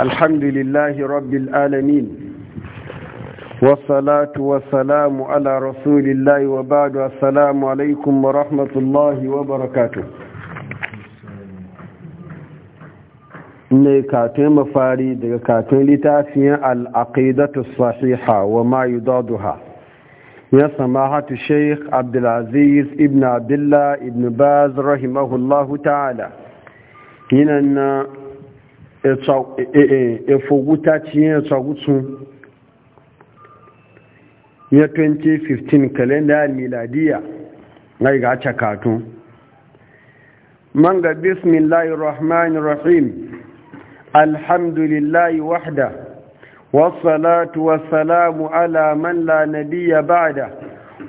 الحمد لله رب العالمين والصلاة والسلام على رسول الله وبعد السلام عليكم ورحمة الله وبركاته ne katon mafari daga katon littafiyan al'aƙidatu sahiha wa ma yudaduha ya samahatu sheikh abdulaziz ibn abdullah ibn baz rahimahullahu ta'ala yinan na E, e, e, efoguta ciyen ya 2015 kalenda miladiya na ga cakatu Manga ga bismillahirrahmanirrahim alhamdulillahi wahda wasalatu wasalamu ala man la nabiya ba'da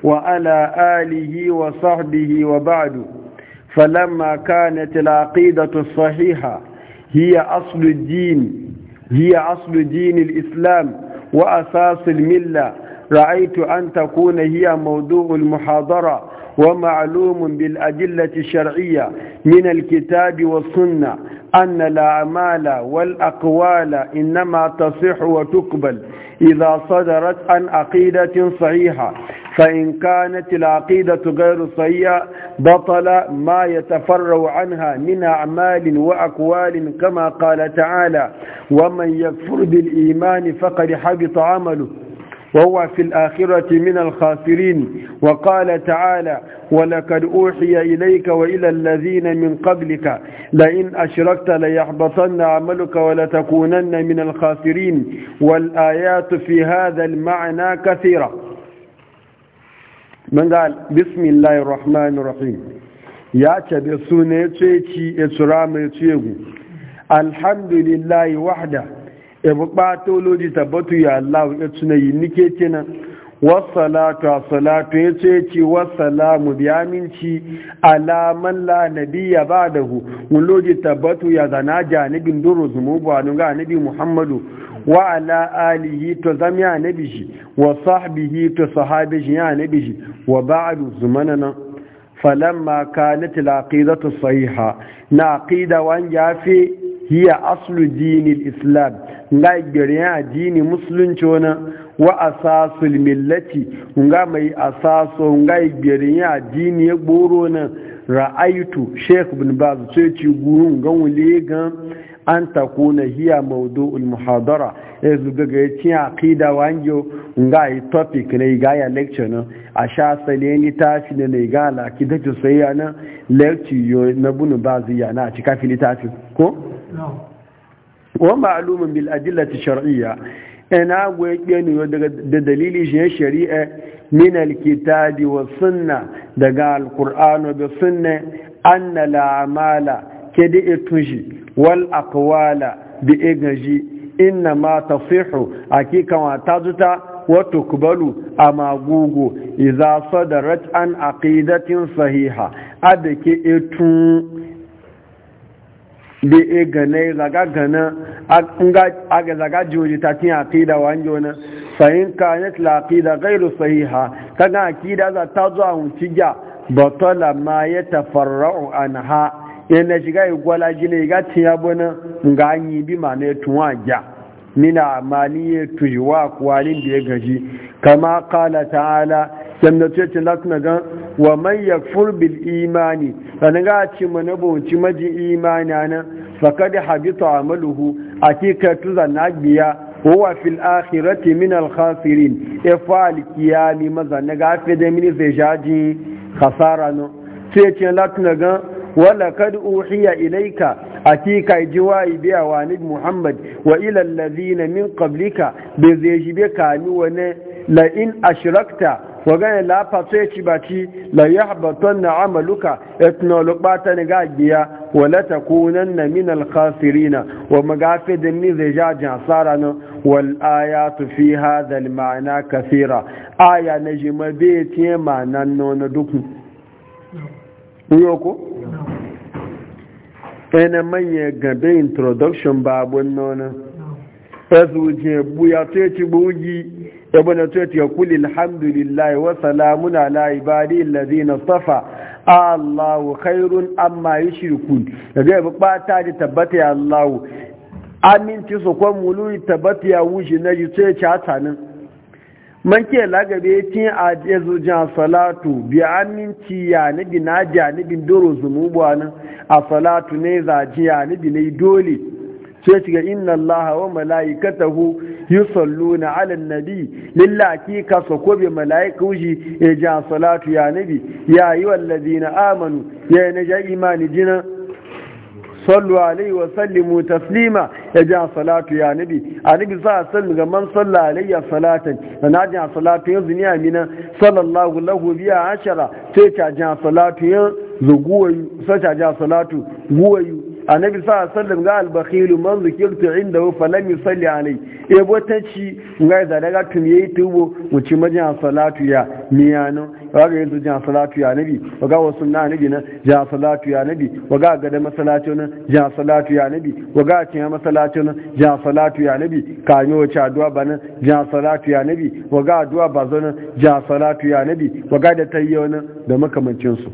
wa ala alihi wa sahbihi wa ba'du falamma kanat al-aqidatu as هي أصل الدين هي أصل دين الإسلام وأساس الملة رأيت أن تكون هي موضوع المحاضرة ومعلوم بالأدلة الشرعية من الكتاب والسنة أن الأعمال والأقوال إنما تصح وتقبل إذا صدرت عن عقيدة صحيحة فإن كانت العقيدة غير صحية بطل ما يتفرع عنها من أعمال وأقوال كما قال تعالى ومن يكفر بالإيمان فقد حبط عمله وهو في الآخرة من الخاسرين وقال تعالى ولقد أوحي إليك وإلى الذين من قبلك لئن أشركت ليحبطن عملك ولتكونن من الخاسرين والآيات في هذا المعنى كثيرة mun ga bismillahir rahmanir rahim ya ce da suna ya ce ci ya tsura mai tsegu alhamdulillahi wahda ya buɓa toloji tabbatu ya Allah ya tuna yi nike kenan wasalatu a salatu ya ce ci wasalamu bi aminci alaman la ya ba da hu wuloji tabbatu ya zana janibin duru zumu buwanu ga nabi muhammadu wa ala alihi to zam ya nabi shi wa sahbihi to sahabi shi ya nabi shi wa ba'adu zumana nan falamma kanat al-aqidatu sahiha na aqida wan yafi hiya aslu dinil islam ngai gari ya dini musulunci wani. wa asasul millati nga mai asaso nga igberin ya addini ya gboro na ra'aitu sheikh bin baz sai ci gurun ga gan an takuna hiya mawdu'ul muhadara ya zuga ga ya ci aqida wanjo nga yi topic ne ga ya lecture na a sha sale ni tafi ne ne ga la kida to sai ya na lecture yo na bin baz ya na ci kafi litafi ko wa ma'lumun bil adillati shar'iyya ina goyi niyo da dalili shi shari'a min alkitabi wa sunna daga alkur'ano da sunna anna Amala, ke da itushi wal akwala bi igaji inna ma tasihu hakika wa ta zuta tukbalu kubalu a magugu iza sadarat an aqidatin sahiha adake itun da e gane zaga gana aga zaga jori ta tin aqida wanjo wani fahim kanat la aqida ghairu sahiha kaga aqida za ta zuwa huncija batala ma ya tafarra'u anha yana shiga igwala jini ga tiya bana ga anyi bi ma ne tun aja mina amaliye tujiwa kwalin da ya gaji kama kala ta'ala yadda ce ce latin gan wa manyan furbil imani sannan ga ce mana bauci maji imani nan faka da habita a maluhu a kekatu zanagiya wa fil akhirati min alkhasirin efa alkiyami maza na gafe da mini zai jaji khasara no ce ce latin gan wala kad uhiya ilaika akika jiwayi biya wa nabi muhammad wa ila alladhina min qablika bi zai ni kami la in ashrakta wa gane lafa sai ci baci la ya habaton na amaluka etnolog ta ni ga wa la ta kunan na min alkhasirina wa magafi da ni zai ja jansara nan na. aya tu fi hada ma'ana kasira aya na jima bai tiye ma'anan nono dukun yoko ene manye gabe introduction babun nono ezu je buya to ya ci bugi ibn tuyat ya kuli Alhamdulillahi wa salamun ala ibadi allazina safa Allahu khairun amma yushrikun daga ba bata da tabbata ya Allah aminci su kwan mulu tabbata ya wuce na yi sai ci hatanin man ke lagabe tin a jesu jan salatu bi aminci ya nabi na ja nabi doro zumubuwa nan a salatu ne zaji ya nabi yi dole sai shiga inna allaha wa malaikatahu yusalluna ala nabi lilla ka sako bi malaiku shi ya ja salatu ya nabi ya yi wallazina amanu ya yi naja imani jina sallu alaihi wa sallimu taslima ya ja salatu ya nabi a nabi sa sallu ga man salla alayya salatan da na ja salatu yanzu ni amina sallallahu lahu biya ashara sai ta ja salatu yanzu guwayu sai ta ja salatu guwayu annabi sa sallam ga albakhilu man zikirtu indahu falam yusalli alai e botanci ngai da daga tun yayi tubo mu ci majin salatu ya miyano ga yanzu jin salatu ya nabi ga wasu na nabi na jin salatu ya nabi ga ga da masallaci na jin salatu ya nabi ga cin masallaci na jin salatu ya nabi kanyo ci addu'a bana jin salatu ya nabi ga addu'a na jin salatu ya nabi ga da tayyo na da makamancin su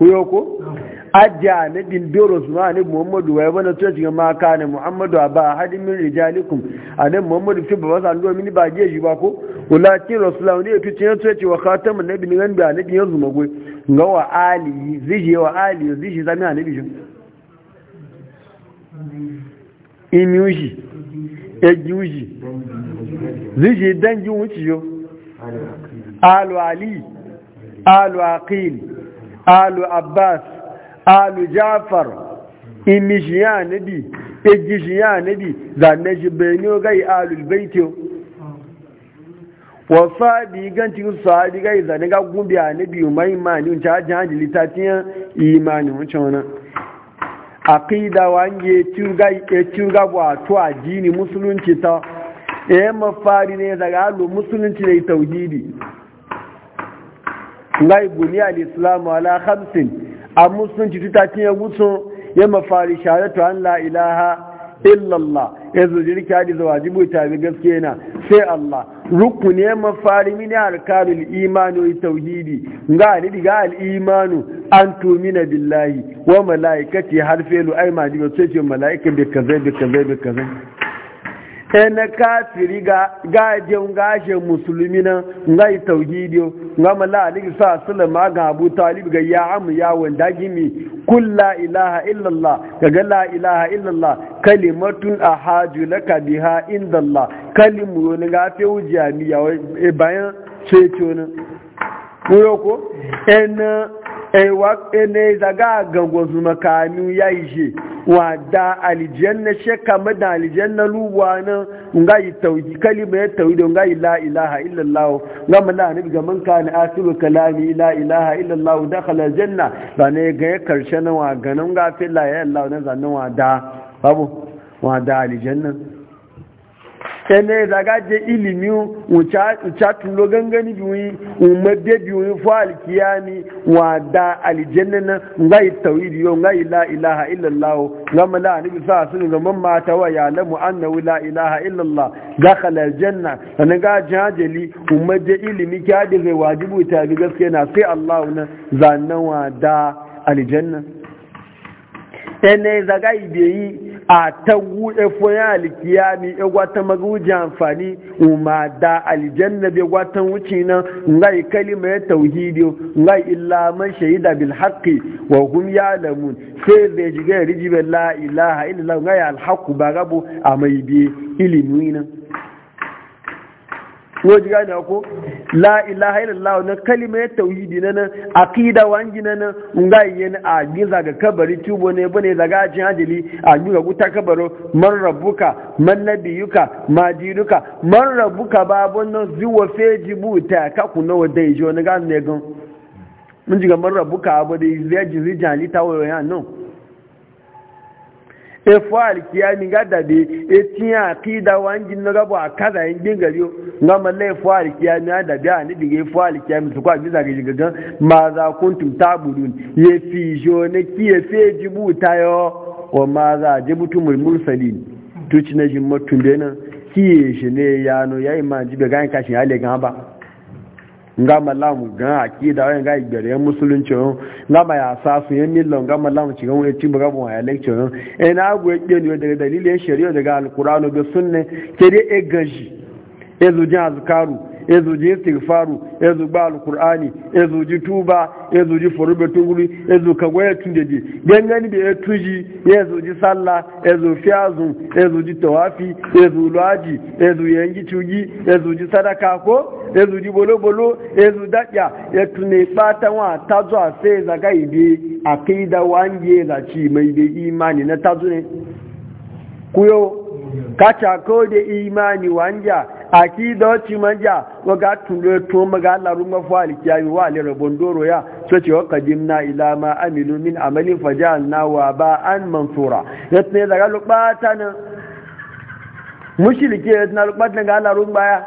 kuyo ko ajja na dindoro su ma ne muhammadu wa yabana to cikin maka ne muhammadu a ba hadin min rijalikum a nan muhammadu fi ba sa ndo mini ba je shi ba ko walakin rasulullah ne fi cikin to ce wa khatamun nabi ne ran da nabi yanzu magoi ga wa ali ziji wa ali ziji zami a nabi shi imiuji ejiuji ziji dangi wuci yo alu ali alu aqil alu abbas alu jafar imishiya nabi ejishiya nabi zane shi benin gai alul baitiyo wa fadi ganci sahabi gai zane ga gumbi a nabi mai mani wuce hajji hajji litatiyan imani wuce wani aqida wange tuga wato addini musulunci ta e mafari ne daga alu musulunci da tauhidi ngai buni al-islam ala khamsin a musulunci tuta cin ya gutsu ya mafari shahadatu an la ilaha illallah ya zuri kadi da wajibu ta bi gaske na sai Allah rukuni mafari min arkanul imani wa tauhidi ga ni diga al an tumina billahi wa malaikati harfelu ai ma diga sai ce malaikan da kaza da kaza da kaza na kafiri ga gajen gashe musulmi na ngai yi tauhidiyo nga mala aliki sa sulama ga abu talib ga ya amu ya wanda gimi kul la ilaha illallah ga la ilaha illallah kalimatun a laka biha indallah kalimu ne ga fi ya e bayan ce ce ne ko? ne zaga ga su kanu ya yi shi wa da alijanna shekka mada alijanna lubuwa nan nga yi tauhi kalima ya tauhi da nga yi la ilaha illallah nga mana ni ga man ka ni asiru kalami la ilaha illallah da khala janna ba ne ga ya karshe na wa ganin ga fi la ya Allah na zanna wa da babu wa da alijanna da ga je ilimi ucha tulo gangani biyu umade biyu fo alkiyami wa da aljanna na ngai tawhid yo ngai la ilaha illa allah ngam la ni sa sun ngam ma mata wa ya lamu anna la ilaha illa allah dakhala aljanna an ga ma umade ilimi ka de wajibu ta bi gaskiya na sai allah na zanna wa da aljanna ene zaga ibe yi a tagu efo foya alikiya e egwata maguji amfani umma da aljanna be gwatan wuci na ngai kalima ya tauhidi ngai illa man shahida bil haqqi wa hum ya'lamun sai da jiga riji la ilaha illa ngai al haqq ba gabu amai bi ilimina ko ji gane ko la ilaha illallah na kalimar tauhidi na nan aqida wangi na nan nga yin a giza ga kabari tubo ne bane daga ajin ajili a giza guta kabaro man rabbuka man nabiyuka majiduka man rabbuka babon nan zuwa feji buta ka kuna wadda ijo na gane ne gan mun ji ga man rabbuka abu da zai ji jali ta wayo ya nan efo alikiyami ga dabe etinye akida wangi na gabo a kada yin gingari ga malla efo alikiyami a dabe a nibi ga efo mi su kwa bisa ga shigaga ma za kuntum tabudun ya fi jo ki kiye fe jibu tayo wa ma za jibutu tu ci na jin benin kiye shi ne yano ya yi ma jibe ga yin kashin ya le gan ba nga malamu ga akida wayan ga igbere musulunci on nga ma ya sa su yan millo nga malamu ci gawo ci buga bon ya lecture e na agwe gbe ni daga dalilin shari'a daga alqur'anu da sunne ke dai e gaji e zujan azkaru ezu ji istighfaru ezu gba alqur'ani ezu ji tuba ezu ji forube tuguri ezu ka gwaya tundeji gangani da ya e tuji ya zuji sallah ya zufi azun ya tawafi ezu luaji ezu yengi tuji ezu ji sadaka ko ezu ji bolo-bolo ezu dakya ya e tune ɓatan wa tazo a sai zaga ibe a kai da wange mai da imani na tazo ne kuyo kacha kode da imani wanja aki da wacce manja waga tunle to maga larun mafali kiyayi wa le rabon doro ya so ce wa qadimna ila ma amilu min amalin fajalna wa ba an mansura yatne daga lubata na mushrike yatna lubata ga larun baya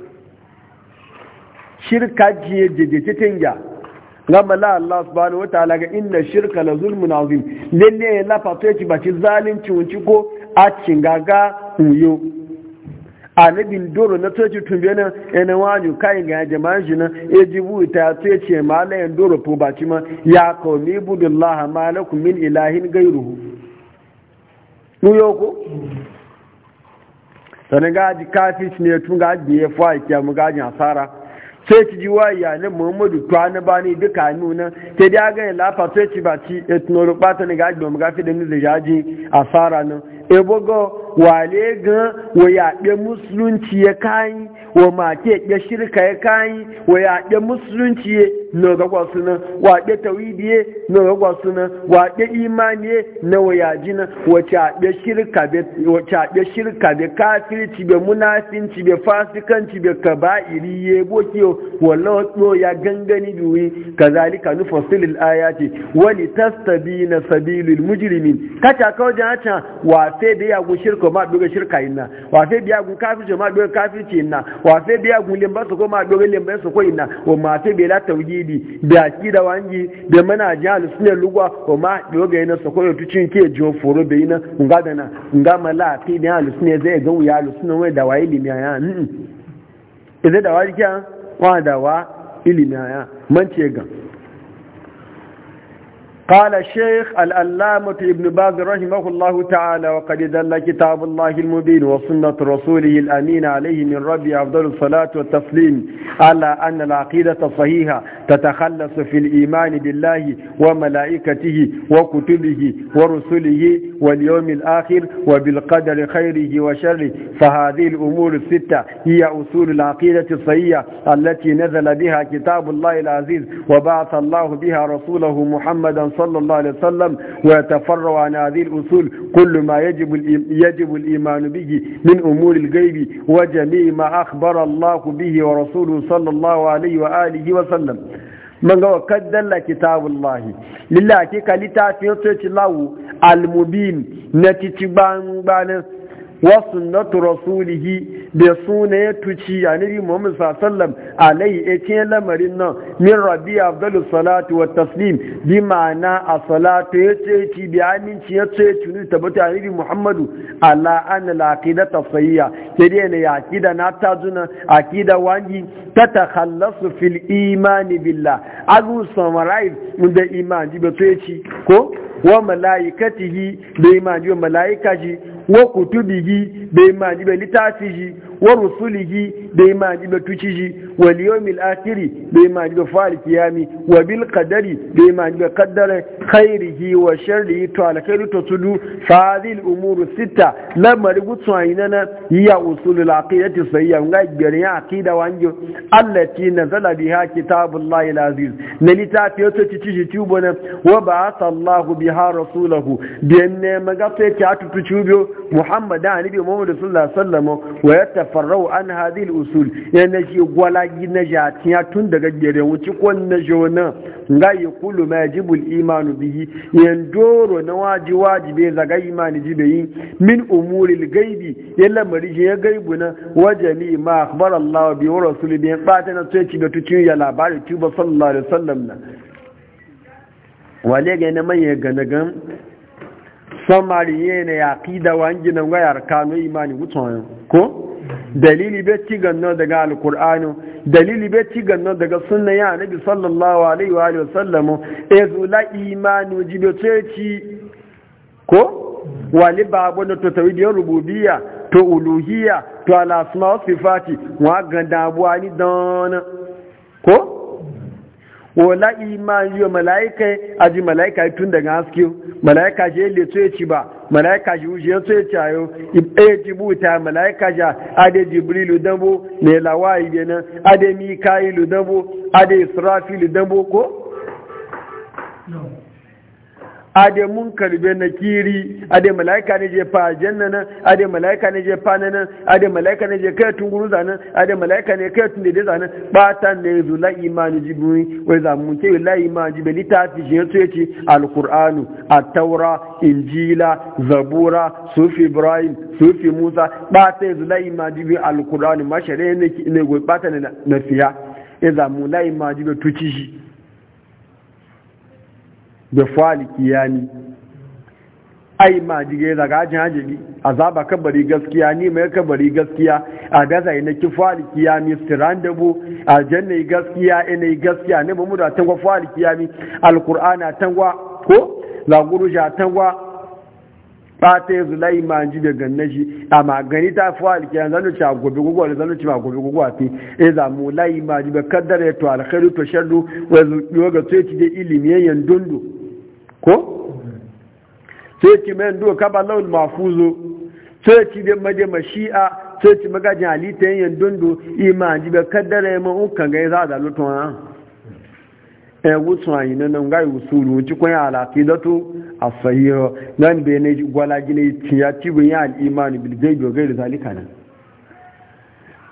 shirka jiye jejeje tenga gama la Allah subhanahu wa ta'ala ga inna shirka la zulmun nazim lalle ya lafa to yaci baci zalunci wunci ko a gaga uyo anabin doro na toci tumbe na ina waju kai ga jama'a shi na ejibu ta toci yaci ma la yan doro po ma ya qawmi budillah ma lakum min ilahin ghayruhu uyo ko sanin gaji kafis ne tun gaji ya fa mu gaji asara sai ci jiwa yanin muhammadu tuwa na ni duka nuna ta da ga yi lafa sai ci ba ci etnoro bata ni gaji domin gafi da nuzul yaji a fara nan ebogo wale ga wa ya ɗe musulunci ya kayi wa make ya shirka ya kayi wa ya ɗe musulunci na kwa suna tawidi tawidiye na kwa suna waɗe imaniye na wayaji na wace aɓe shirka be kafirci be munafin be fasikanci be kaba'iri ye bokiyo wallah wato ya gangani biyu kazalika nufasilil ayati wani tastabi na sabilin mujirimin kaca kawai jan wa fe da gun shirka ma doga shirka na wa fe da yagun kafirci ma doga kafirci inna wa fe da yagun limbar su ko ma doga limbar su ko na wa ma fe bai la tauhidi da akida wangi da manajin sunan lugwa wa ma ga ina sako yo tucin ke jiwo foro bai na nga da na nga mala akida sunan zai ga wuya sunan wai da wayi ilimi a Idan zai da wa kya wa da wa ilimi a yan man ce ga. قال الشيخ الألامة ابن باز رحمه الله تعالى وقد ذل كتاب الله المبين وسنة رسوله الأمين عليه من ربي أفضل الصلاة والتسليم على أن العقيدة الصحيحة تتخلص في الإيمان بالله وملائكته وكتبه ورسله واليوم الآخر وبالقدر خيره وشره فهذه الأمور الستة هي أصول العقيدة الصحية التي نزل بها كتاب الله العزيز وبعث الله بها رسوله محمدا صلى الله عليه وسلم ويتفرع عن هذه الأصول كل ما يجب يجب الإيمان به من أمور الغيب وجميع ما أخبر الله به ورسوله صلى الله عليه وآله وسلم manga wa kaddalla kitabullahi lillahi hakika littafin sai lawu almubin na titi gbangbanin Wasu sunnatu rasulihi da suna ya tuci a nabi muhammad sallam alai e lamarin nan min rabi afdalu salatu wa taslim bi ma'ana a salatu ya ce ci bi aminci ya ce ci ne tabbata a nabi muhammadu ala an la aqida ke dai ne ya aqida na ta juna aqida wangi ta takhallasu fil imani billah azu summarize da iman ji ba ce ko wa malaikatihi da iman ji malaika ji wa kutubihi bai maji bai littafi shi wa rusulihi da imaji da tuciji wal yawmil akhiri da imaji da fa'al kiyami wa bil qadari da imaji da qaddara khairihi wa sharrihi to alkhairu to tudu fadil umuru sita lamari gutsu ainana ya usulul aqidati sayya ga gbere ya aqida wanjo allati nazala biha kitabullahi al-aziz ne litafi to tuciji tubona muhammad da wa ya tafarrau an hadil usul ya na shi yi na jatiya tun daga gere wuce ko na jona ga ya kulu ma yajibul imanu bihi yan doro na waji wajibe zaga imani jibe yi min umuril gaibi ya lamari ya gaibu na wajami ma akbar Allah bi wa rasul bi bata na tsoci da tuci ya labari tuba sallallahu alaihi wasallam na wale ga na manya ganagan samari yana ya aqida wa anginan ga yarkanu imani gutsoyo ko dalili be ci ganno daga alqur'ani dalili be ci ganno daga sunna ya nabi sallallahu alaihi wa alihi wasallam ezula imani jibe ceci ko wali babu na to tawidiyar rububiyya to uluhiyya to alasma wa sifati wa ganda abuwa ni don ko wala iman yiwa mala'ika aji mala'ika tun daga haske malaika je le to ci ba malaika ji uje ya ci ayo e buta malaika ja ade jibrilu dambo ne lawai benan ade mikailu dambo ade israfilu dambo ko ade mun karbe na kiri ade malaika ne je fa janna nan ade malaika ne je fa nan ade malaika ne je kai tunguru zanan ade malaika ne kai tun da zanan ta ne zu la imani jibuni wai za mun ce la imani jibeli ta fi je to yace alqur'anu at-taura injila zabura sufi ibrahim sufi musa bata zu la imani jibuni alqur'anu mashare ne ne go bata ne na fiya ya e za mu la imani jibe tuci shi da fali kiyani ai ma jige zaga ajin ajili azaba kabari gaskiya ni mai kabari gaskiya a gaza ina ki fali kiyami siran da bu aljanna gaskiya ina gaskiya ne ba mu da tangwa fali kiyami alqur'ana tangwa ko la gurusha tangwa fata yanzu zulai ma ji da ganna shi a magani ta fi wa alkiyan zanu ci a gobe gugu wani zanu ci a gobe gugu a fi e za mu layi ma ji ba kaddara ya to alkhairu to shaddu wa zuwa ga tsoye ci da ilimin yanyan dundu ko sai ki mai duka kaba laul mafuzu sai ki da maje mashi'a sai ci magajin ta yin dundu imanji bai kaddara ya ma'un kan gai za a zalutun ha ɗaya eh, wusun ayi na nan ga usulu ci kun yi alaƙi zato a sahiyo nan be na gwala gina ya bin ya al'imani bilgai dogai da zalika nan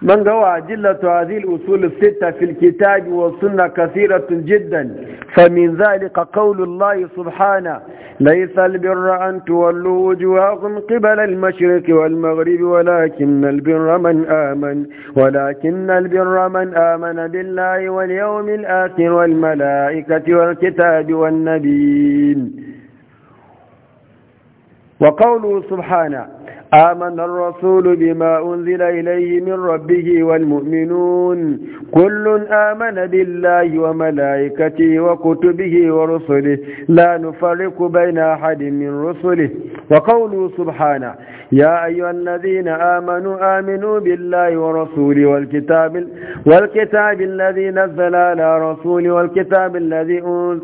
من هو أدلة هذه الأصول الستة في الكتاب والسنة كثيرة جدا فمن ذلك قول الله سبحانه ليس البر أن تولوا وجوهكم قبل المشرق والمغرب ولكن البر من آمن ولكن البر من آمن بالله واليوم الآخر والملائكة والكتاب والنبيين وقوله سبحانه آمن الرسول بما أنزل إليه من ربه والمؤمنون كل آمن بالله وملائكته وكتبه ورسله لا نفرق بين أحد من رسله وقوله سبحانه يا أيها الذين آمنوا آمنوا بالله ورسوله والكتاب والكتاب الذي نزل على رسوله والكتاب الذي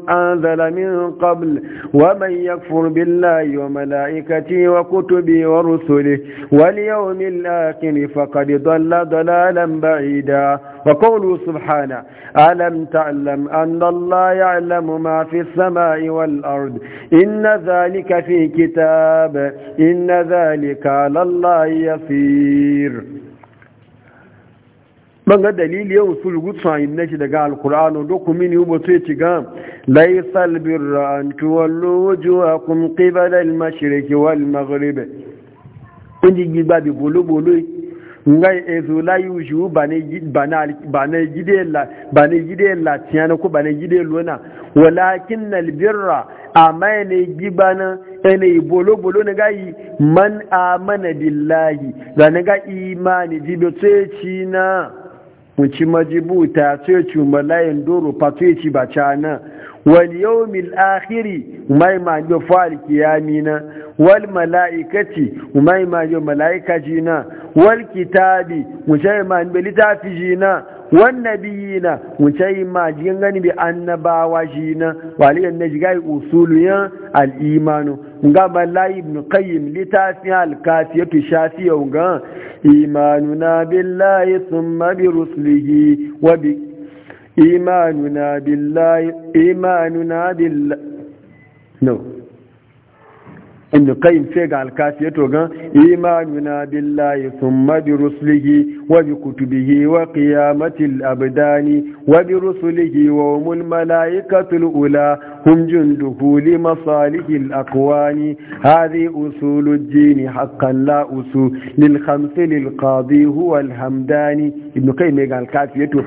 أنزل من قبل ومن يكفر بالله وملائكته وكتبه ورسله ورسله واليوم الآخر فقد ضل ضلالا بعيدا وقوله سبحانه ألم تعلم أن الله يعلم ما في السماء والأرض إن ذلك في كتاب إن ذلك على الله يصير ban ga dalili yau su rubutu a inna shi daga alkur'anu dokumin yi ubo sai ciga laisal birra an tuwallo wujuhakum qibala al-mashriqi wal maghrib wani gbigba bi bolo-bolo nga ezo layi uju ba na gide latiyana ko ba na gide lona walakin nalbirra amma yana gbigba na yana bolo-bolo na yi man amana billahi da na ga imani jibe ci na mu wuci majibuta tsoyaci e malayin doro fa tsoyaci e ba cana wal yawmil akhiri mai ma jo fal kiyamina wal malaikati mai ma jo malaikaji na wal kitabi mutai ma bi litafi jina wan nabiyina mutai ma jin gani bi annabawa jina waliyan ne jigai usuluyan al imanu nga malai ibn qayyim litafi al kafiyatu shafiya nga imanuna billahi thumma bi rusulihi wa bi إيماننا بالله إيماننا بالله نو ibn qayyim ce ga alkafi ya toga imanuna billahi thumma bi rusulihi wa bi kutubihi wa qiyamatil abdani wa bi rusulihi wa umul malaikatul ula hum junduhu li masalihil aqwani hadhi usulud din haqqan la usul lil khamsi lil qadi huwa al hamdani ibn qayyim ga alkafi ya to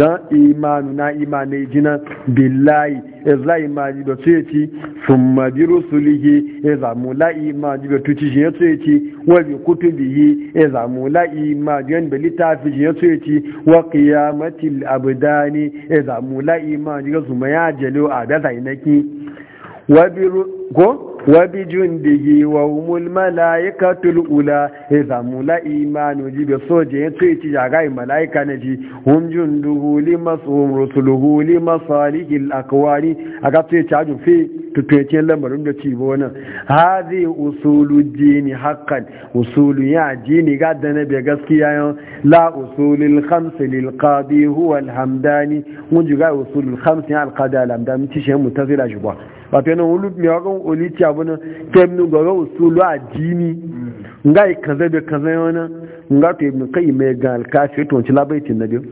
ga imanuna imane jina billahi izla imani da ce ci thumma bi rusulihi ya zamu la'i ma jibe tuci shi ya tsoye ci wa bi kutubihi ya e zamu la'i ma jiyan bi littafi shi ya tsoye ci wa qiyamatil abdani ya e zamu la'i ma jiga su ma ya jelo a da zainaki wa bi ko وبجنده وهم الملائكة الأولى إذا مولا إيمان جيب سوجي تيتي جاغاي ملائكة نجي هم جنده لمصهم رسله لمصالح الأكوان أكتو يتعجب في تتويتين لمرم تيبونا هذه أصول الدين حقا أصول يا جين قد نبي قسكي لا أصول الخمس للقاضي هو الحمداني ونجي أصول الخمس يعني القاضي الحمداني تشهم متزل أجبوه wato yana wulu mai wakon olici abu kemnu gaba usulu a jini nga yi kaza da kaza yana nga to ibn kai mai ga alkafi to a labaitin na biyu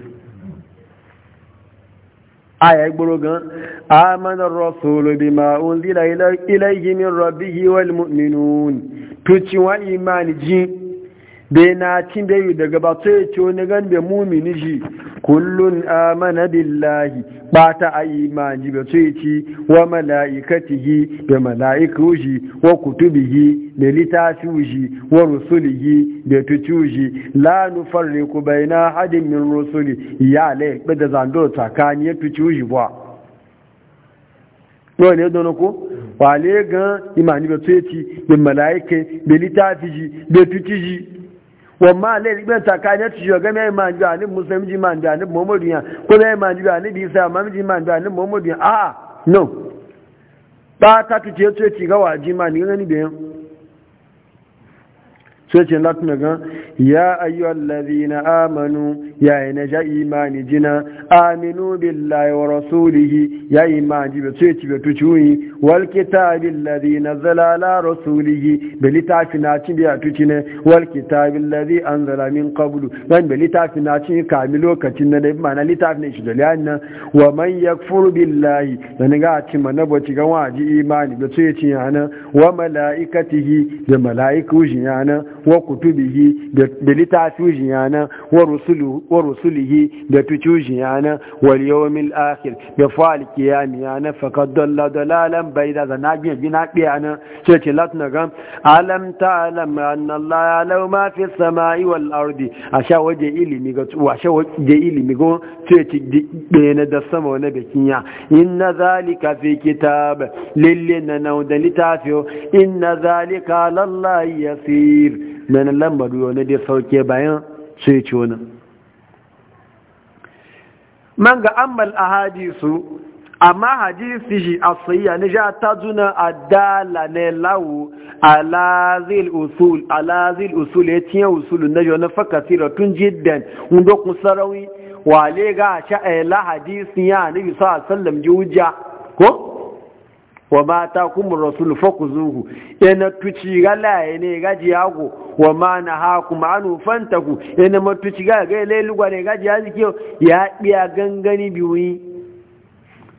aya igboro gan amana rasulu bima wal mu'minun tuci wa imani ji be na cin da daga ba to ya mumini ji kullun amana billahi bata ayi ba ce ci wa malaikatihi da mala'ikushi wa kutubihi da litafuji wa rusulihi da tutuji la nufarriqu baina hadin min rusuli ya lai da zando tsakani ya tutuji ba yau ne don ko wale gan imani be tsoyici be malaike be litafiji wamma ne ribe takanya ci yo ga mai manju ani muslim ji manju ani muhammadu ya ko mai manju ani bi sa mam ji manju ani muhammadu ya a ah, no ba ta tuce ce ci ga waji ma ni ngani sai ce lati gan? ya ayyuan lazina amanu ya yi na ja imani jina aminu billahi wa rasulihi ya yi imani bai sai ci bai tuci wuyi walkita billazi na zalala rasulihi bai littafi na cin biya tuci ne walkita billazi an zala min kabulu wani bai littafi na cin kami lokacin na da ma mana littafi na shi da liyan nan wa man ya furu billahi da ni ga ci mana ba ci gan waji imani bai sai ci yana wa mala'ikatihi da mala'ikushi yana wa kutubihi da litafi jiyana wa rusulihi da tuci yana, wal yawmil akhir da fa'al qiyam yana faqad dalla dalalan bayda zanabi bina biyana ce ce latna gam alam ta'lam anna allah ya'lamu ma fi samai wal ardi asha waje ilimi ga asha waje ilimi go ce ce bayana da sama wani bikin ya inna zalika fi kitab lillina na da litafi inna zalika lallahi yasir na na lambar yau na dai sauke bayan su yi nan man ga ammal a hadisu amma hadisi shi a sayya ni ja ta zuna a dala ne lawo alazil usul ya tiye usulun na yau na da tun jiddan wanda sarawi wale ga sha'ila eh, hadisi ya nabi sa sallam ji hujja ko wa ma ta kuma rasul zuhu yana tuci gala ya ne gaji ku wa ma na ha kuma anu ku yana matuci ga ga ile lugwa ne gaji ya zike ya biya gangani biyu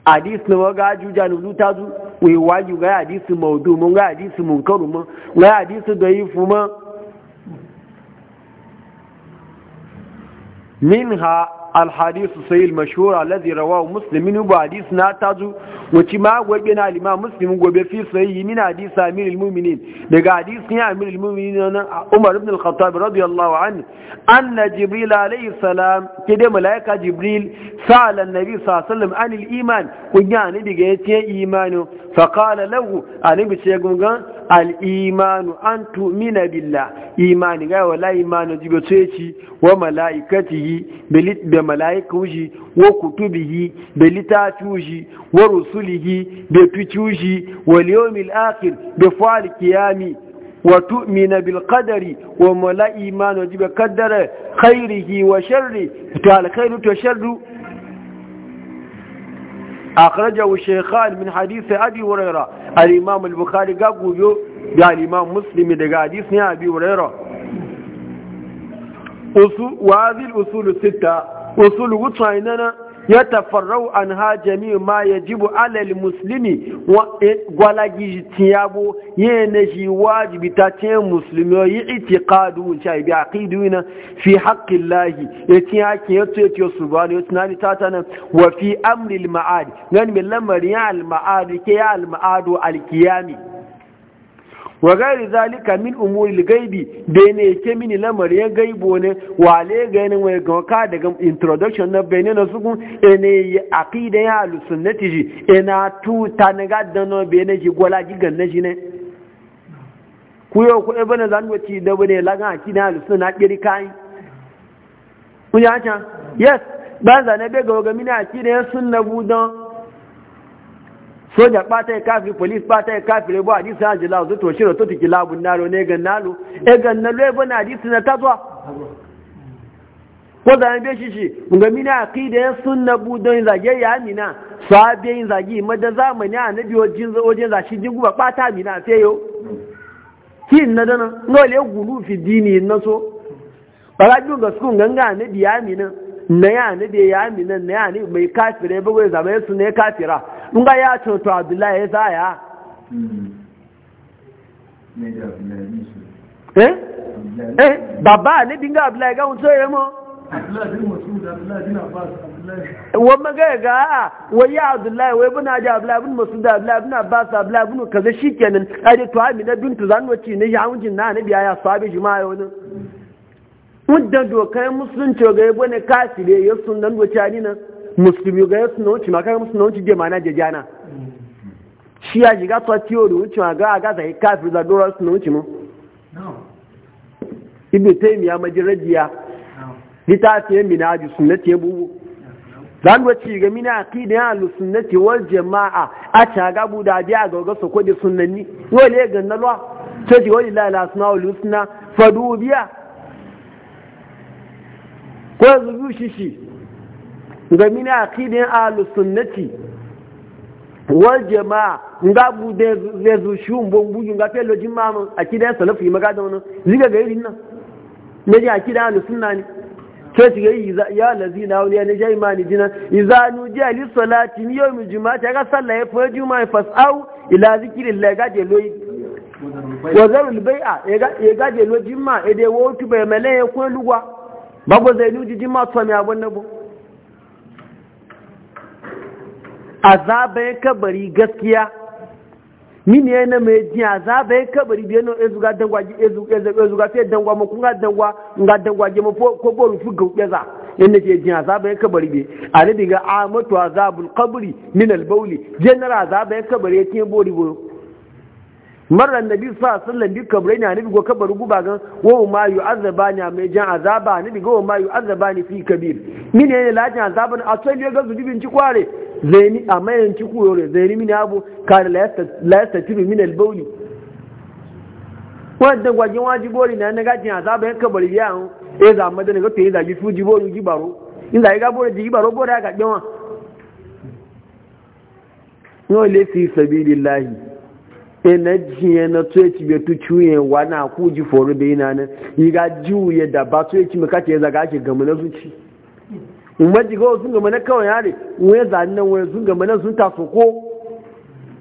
hadis na waga ajuja na zuta zu wai waju ga hadis maudu mun ga hadis munkaru mun ga hadis da yi fuma minha الحديث الصحيح المشهور الذي رواه مسلم منه حديث ناتاجو وتي ما غبنا الامام مسلم غبي في صحيح من حديث امير المؤمنين دغ حديث ني امير المؤمنين عمر بن الخطاب رضي الله عنه ان جبريل عليه السلام كده ملائكه جبريل سال النبي صلى الله عليه وسلم عن الايمان كنيا ني دغ يتي ايمانه فقال له النبي سيغون الإيمان أن تؤمن بالله إيمان غير ولا إيمان جبتيتي وملائكته da mala'ika wa kutubihi da litafi wa rusulihi da tuci wa liyomil akhir da fa'al kiyami wa tu'mina bil qadari wa mala'i imanu wa jiba qaddara khairihi wa sharri ta alkhairu to sharru akhrajahu shaykhan min hadith abi hurairah al-imam al-bukhari ga gubo da al-imam muslim daga hadith ne abi hadhihi al usul Sita. usul wuta nana ya tafarau an ha jami'u ma ya jibu alal musulmi e, gwalagi tiyabo ya na shi wajibi ta ce musulmi yi itiqadu cha bi na fi lahi ya ci hakin ya ce ce subhanahu ya tunani ta tana wa fi amri al ma'ad ngani mai lamari ya al ma'ad ke ya al ma'ad al kiyami wa gari zalika min umuri gaibi da ne ke mini lamar ya gaibo ne wa le ne wai ga ka daga introduction na bayanin na sukun ene aqida ya sunnati ji ina tu tanaga dano bene ji gola ji ganna ji ne ku yau ku zan zanwati da bane na aqida sunna kiri kai kun ya ta yes ban zane be ga ga mini aqida ya sunna budan soja ɓata ya kafin polis ɓata ya kafin rebo a disa jila zo to shiro to tiki labun naro ne gan nalo e gan nalo e bana disa na tazwa ko da an beshi shi ga mina aqida ya sunna budon zage ya mina sahabe yin zage madan zamani annabi wajin wajin zashi jiguba ɓata mina sai yo kin na dana ngole gulu fi dini na so bara ju ga sun ganga annabi ya mina na ya annabi ya mina na ya ne mai kafire ba go zama su ne kafira in ya ce to abdullahi ya zaya hmm. eh eh baba ne dinga abdullahi ga wuce ya mo wọ́n mẹ́gẹ́ ga a wọ́n yá abdullahi wọ́n ibùn ajá abdullahi ibùn masu da abdullahi bin abbas abdullahi bin kaza shi kenan aje to ami na bintu zanwaci ne ya wujin na ne biya ya sabi jima'a ma yau ne dokar musulunci ga ibùn kafire ya sun wuce ni nan musulmi ga yasu na wuce maka na wuce jejana shi ya jiga ta wuce ma ga aga zai kafir da dora su wuce mu ibi ta yi majin rajiya lita ta yi mina ji bubu zan ci ga mina aqida ya alu sunnati wal jama'a a a ga buda biya ga ga soko da sunnani wale na lwa ta ji wali la ilaha illa fadu biya ko ga mini aqidin ahlus sunnati wal jamaa nga bu de de shum bon bu nga pelo jimam akidan salafi maga da wannan ziga ga irin nan ne ji akidan ahlus sunna ne sai su ga ya lazina wani ya nija imani jina iza nujiya li salati ni yau juma'a ta ga sallah ya fa juma'a fas'au ila zikrillah ga je loyi wazarul bai'a ya ga je lo jimma e de wotu bai mele ya ko lugwa babu zai nuji jimma to mi abun nabo azabai kabari gaskiya mini yana mai jin azabai kabari biyan nan ezu ga dangwa ezu ezu ga fiye dangwa ma kun ga dangwa ga dangwa ge ma ko bo rufu ga keza yanda ke jin azabai kabari be ale diga amatu azabul kabari min e albauli jenar general azabai kabari kiyan bori bo marar nabi sa sallan bi kabrai ne nabi go kabari guba gan wa ma azaba ne mai jan azaba bigo go ma azaba ne fi kabir mini yana lajin azaban asali ga zubin ci kware zaini a mayan ci kuyore zaini mini abu kare layasta tiru min albauli wadda gwajin waji bori na na gajin azaba yanka bari biya an e za amma da na gato yi zagi fuji bori gibaro in zagi ga bori gibaro bori aka gbewa yau le sabi sabili lahi e na jiye na to yaci bai tu ciye wa na kuji foro bai na nan yi ga jiwu ya da ba to yaci mai kace ya zaga ake gamu na zuci maji gawa sun gama na kawai yare wuyan zane nan wuyan sun gama nan sun taso ko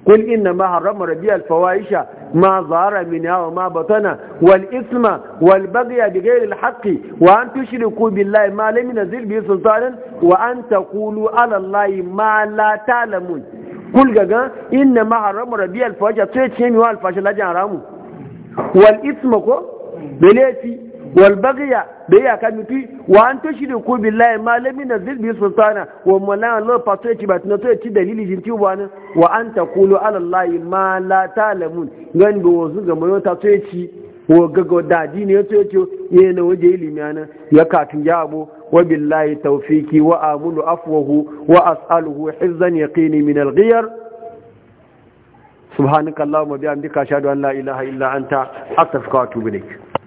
kul inna ma harrama rabbi al fawaisha ma zara minha wa ma batana wal isma wal baghya bi ghayri al haqqi wa an tushriku billahi ma lam yunzil bi sultanan wa an taqulu ala allahi ma la ta'lamun kul gaga inna ma harrama rabbi al fawaisha sai ce mi wa al haramu wal isma ko bilati walbagiya da ya ka mutu wa an to da ku billahi malami na zilbi sultana wa mulana Allah fa to yaci ba tuna to yaci dalili jin ti wa wa an taqulu ala Allah ma la ta'lamun gan da wasu ga mayo ta to yaci wa gaga daji ne to yaci ne na waje ilimi ana ya katun ya abu wa billahi tawfiki wa amulu afwahu wa as'aluhu hizzan yaqini min al-ghiyar subhanakallahumma bihamdika ashhadu an la ilaha illa anta astaghfiruka wa atubu ilayk